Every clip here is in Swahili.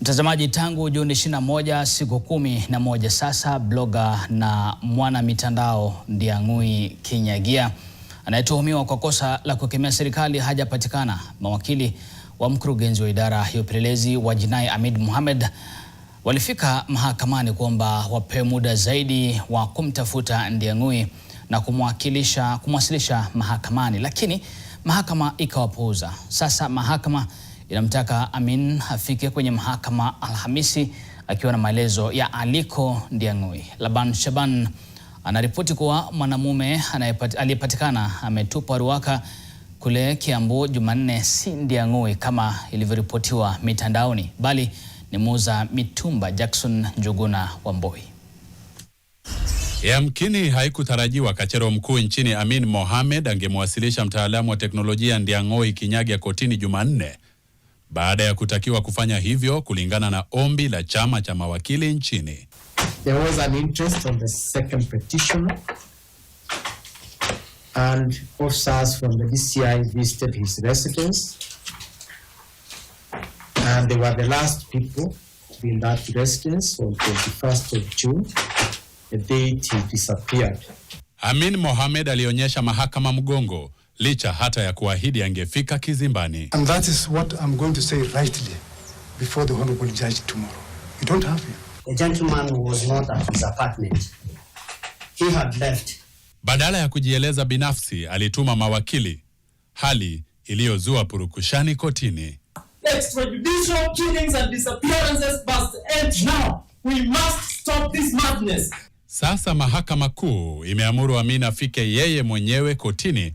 Mtazamaji, tangu Juni 21, siku kumi na moja sasa, bloga na mwana mitandao Ndiang'ui Kinyagia anayetuhumiwa kwa kosa la kukemea serikali hajapatikana. Mawakili wa mkurugenzi wa idara ya upelelezi wa jinai Amid Mohamed walifika mahakamani kuomba wapewe muda zaidi wa kumtafuta Ndiang'ui na kumwakilisha kumwasilisha mahakamani, lakini mahakama ikawapuuza. Sasa mahakama inamtaka Amin afike kwenye mahakama Alhamisi akiwa na maelezo ya aliko Ndiang'ui. Laban Shaban anaripoti kuwa mwanamume aliyepatikana ametupwa Ruaka kule Kiambu Jumanne si Ndiang'ui kama ilivyoripotiwa mitandaoni, bali ni muuza mitumba Jackson Njuguna Wamboi. Yamkini haikutarajiwa kachero mkuu nchini Amin Mohamed angemwasilisha mtaalamu wa teknolojia Ndiang'ui kinyagia kotini Jumanne baada ya kutakiwa kufanya hivyo kulingana na ombi la chama cha mawakili nchini. There was an interest on the second petition and officers from the DCI visited his residence and they were the last people in that residence on 21st of June, the date he disappeared. Amin Mohamed alionyesha mahakama mgongo licha hata ya kuahidi angefika kizimbani. And that is what I'm going to say rightly before the honorable judge tomorrow. You don't have him. The gentleman was not at his apartment. He had left. Badala ya kujieleza binafsi, alituma mawakili, hali iliyozua purukushani kotini. Extrajudicial killings and disappearances must end now. We must stop this madness. Sasa mahakama kuu imeamuru Amina afike yeye mwenyewe kotini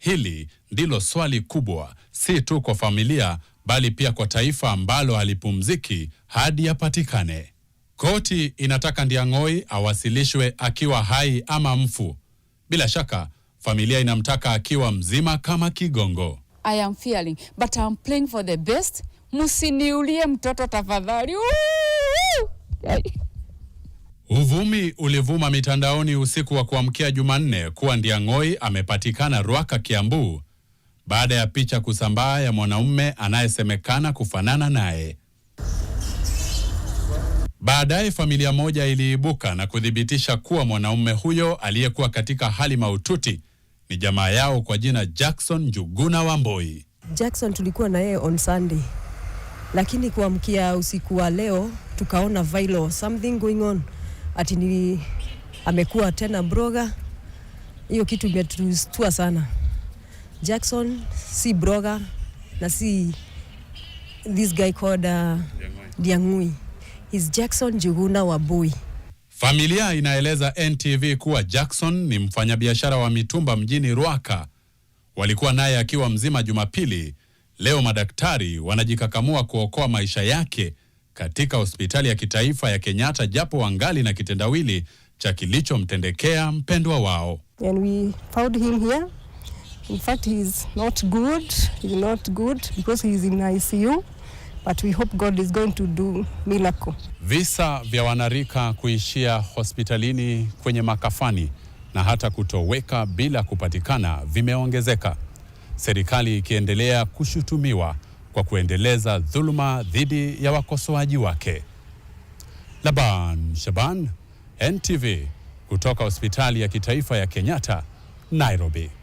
Hili ndilo swali kubwa, si tu kwa familia, bali pia kwa taifa ambalo alipumziki hadi yapatikane. Koti inataka Ndiang'oi awasilishwe akiwa hai ama mfu. Bila shaka familia inamtaka akiwa mzima kama Kigongo. I am fearing, but for the best. Msiniulie mtoto tafadhali. Uvumi ulivuma mitandaoni usiku wa kuamkia Jumanne kuwa Ndiang'oi amepatikana Rwaka, Kiambu baada ya picha kusambaa ya mwanaume anayesemekana kufanana naye. Baadaye familia moja iliibuka na kuthibitisha kuwa mwanaume huyo aliyekuwa katika hali mahututi ni jamaa yao kwa jina Jackson Njuguna Wamboi. Jackson tulikuwa na yeye on Sunday, lakini kuamkia usiku wa leo tukaona viral something going on ati ni amekuwa tena broga. Hiyo kitu imetustua sana. Jackson si broga na si this guy called uh, Diang'ui. He's Jackson Juguna wa Wambui. Familia inaeleza NTV kuwa Jackson ni mfanyabiashara wa mitumba mjini Ruaka. Walikuwa naye akiwa mzima Jumapili. Leo madaktari wanajikakamua kuokoa maisha yake katika hospitali ya kitaifa ya Kenyatta, japo wangali na kitendawili cha kilichomtendekea mpendwa wao. And we found him here. In fact, he is not good. He is not good because he is in ICU. But we hope God is going to do miracle. Visa vya wanarika kuishia hospitalini kwenye makafani na hata kutoweka bila kupatikana vimeongezeka, serikali ikiendelea kushutumiwa kwa kuendeleza dhuluma dhidi ya wakosoaji wake. Laban Shaban, NTV, kutoka hospitali ya kitaifa ya Kenyatta, Nairobi.